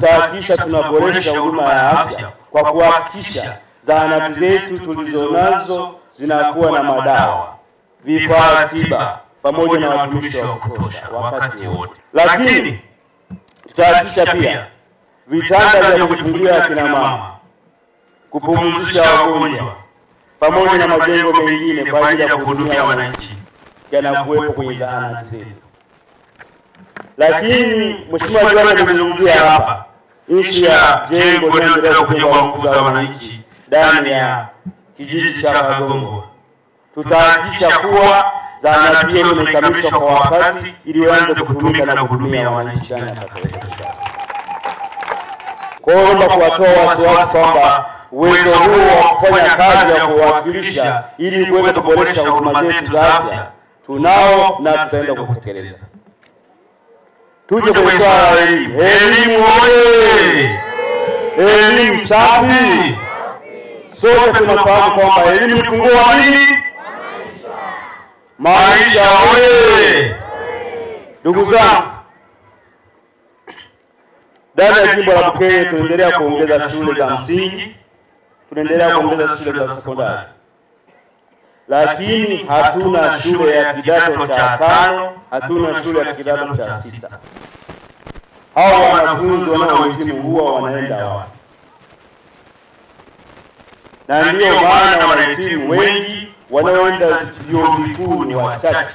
tutahakikisha tunaboresha huduma ya afya kwa kuhakikisha zahanati zetu tulizonazo zinakuwa na madawa, vifaa tiba pamoja na watumishi wa kutosha wakati wote. Lakini tutahakikisha pia vitanda vya kujifungulia akina mama, kupumzisha wagonjwa pamoja na majengo mengine kwa ajili ya kuhudumia wananchi yanakuwepo kwenye zahanati zetu. Lakini mheshimiwa Diwani amezungumzia hapa nchi ya jengo linaendelea kujengwa kwa wananchi ndani ya kijiji cha Kagongo. Tutahakikisha kuwa zahanati hiyo imekamilishwa kwa wakati ili waanze kutumika na kuhudumia wananchi ndani ya Kagongo. Kwa hiyo kuwatoa wasiwasi kwamba uwezo huo wa kufanya kazi ya kuwakilisha ili kuweza kuboresha huduma zetu za afya tunao na tutaenda kutekeleza tuje kuitoa elimu oye, elimu safi. Sote tunafahamu kwamba elimu ni wa nini? Maisha oye! Ndugu zangu, ndani ya jimbo la Bukeye tunaendelea kuongeza shule za msingi, tunaendelea kuongeza shule za sekondari lakini hatuna shule ya kidato cha tano, hatuna shule ya kidato cha sita. Hawa wanafunzi wanaohitimu huwa wanaenda wapi? Na ndiyo maana wanahitimu wengi wanaoenda vyuo vikuu ni wachache,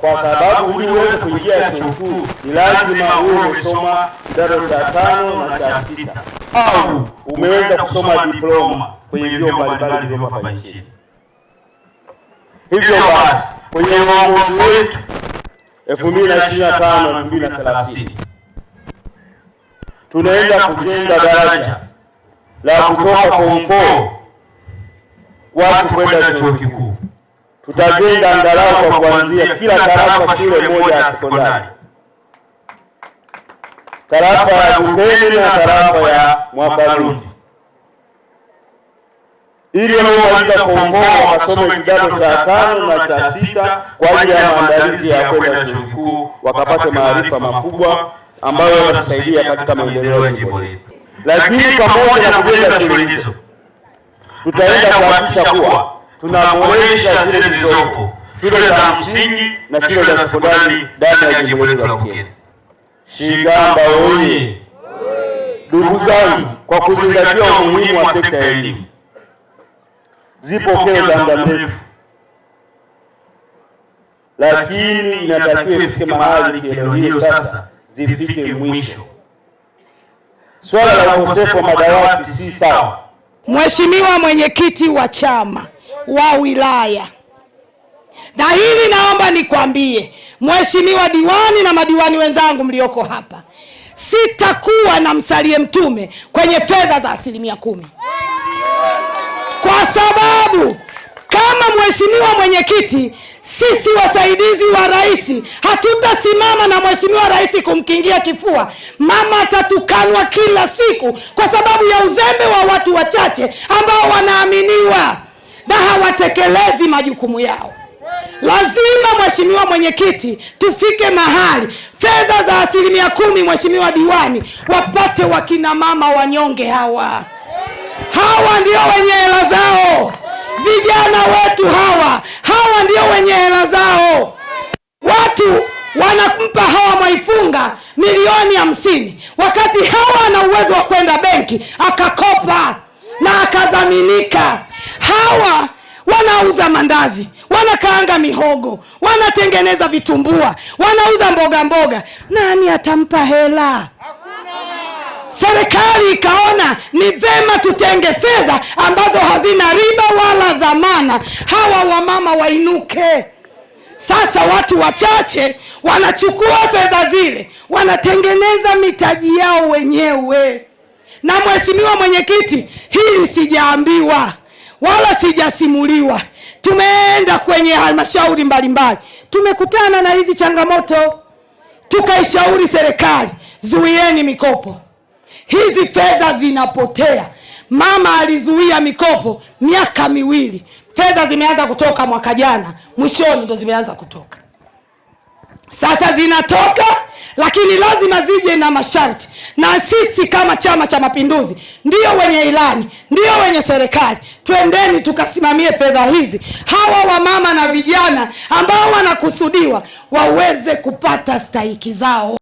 kwa sababu ili uweze kuingia chuo kikuu ni lazima uwe umesoma kidato cha tano na cha sita au umeweza kusoma diploma kwenye vyuo mbalimbali vilivyopo hapa nchini. Hivyo basi kwenye uongozi wetu 2025 2030 tunaenda kujenga daraja la kutoka form watu kwenda chuo kikuu. Tutajenga angalau kwa kuanzia kila tarafa shule moja ya sekondari, tarafa ya Bungeni na tarafa ya Mwakalundi ili wanaomaliza form four wakasome kidato cha tano na cha sita kwa ajili ya maandalizi ya kwenda chuo kikuu, wakapate maarifa makubwa ambayo yanatusaidia katika maendeleo ya jimbo letu. Lakini pamoja na kujenga shule hizo, tutaenda kuhakikisha kuwa tunaboresha zile zilizopo shule za msingi na shule za sekondari ndani ya jimbo letu la Bukene. Shigamba oye! Ndugu zangu, kwa kuzingatia umuhimu wa sekta ya elimu zipo kero za muda mrefu, lakini inatakiwa ifike mahali kero hiyo sasa zifike mwisho. Swala la ukosefu wa madawati si sawa. Mheshimiwa mwenyekiti wa chama wa wilaya, na hili naomba nikwambie Mheshimiwa diwani na madiwani wenzangu mlioko hapa, sitakuwa na msalie mtume kwenye fedha za asilimia kumi kwa sababu kama mheshimiwa mwenyekiti, sisi wasaidizi wa rais hatutasimama na mheshimiwa rais kumkingia kifua. Mama atatukanwa kila siku kwa sababu ya uzembe wa watu wachache ambao wanaaminiwa na hawatekelezi majukumu yao. Lazima mheshimiwa mwenyekiti, tufike mahali fedha za asilimia kumi, mheshimiwa diwani, wapate wakinamama wanyonge hawa. Hawa ndio wenye hela zao, vijana wetu hawa, hawa ndio wenye hela zao. Watu wanampa Hawa Mwaifunga milioni hamsini wakati Hawa ana uwezo wa kwenda benki akakopa na akadhaminika. Hawa wanauza mandazi, wanakaanga mihogo, wanatengeneza vitumbua, wanauza mboga mboga. Nani atampa hela? Serikali ikaona ni vema tutenge fedha ambazo hazina riba wala dhamana, hawa wamama wainuke. Sasa watu wachache wanachukua fedha zile, wanatengeneza mitaji yao wenyewe. Na mheshimiwa mwenyekiti, hili sijaambiwa wala sijasimuliwa. Tumeenda kwenye halmashauri mbalimbali, tumekutana na hizi changamoto, tukaishauri serikali, zuieni mikopo hizi fedha zinapotea. Mama alizuia mikopo miaka miwili, fedha zimeanza kutoka mwaka jana mwishoni, ndo zimeanza kutoka sasa, zinatoka lakini lazima zije na masharti, na sisi kama Chama cha Mapinduzi ndio wenye ilani, ndio wenye serikali. Twendeni tukasimamie fedha hizi, hawa wamama na vijana ambao wanakusudiwa waweze kupata stahiki zao.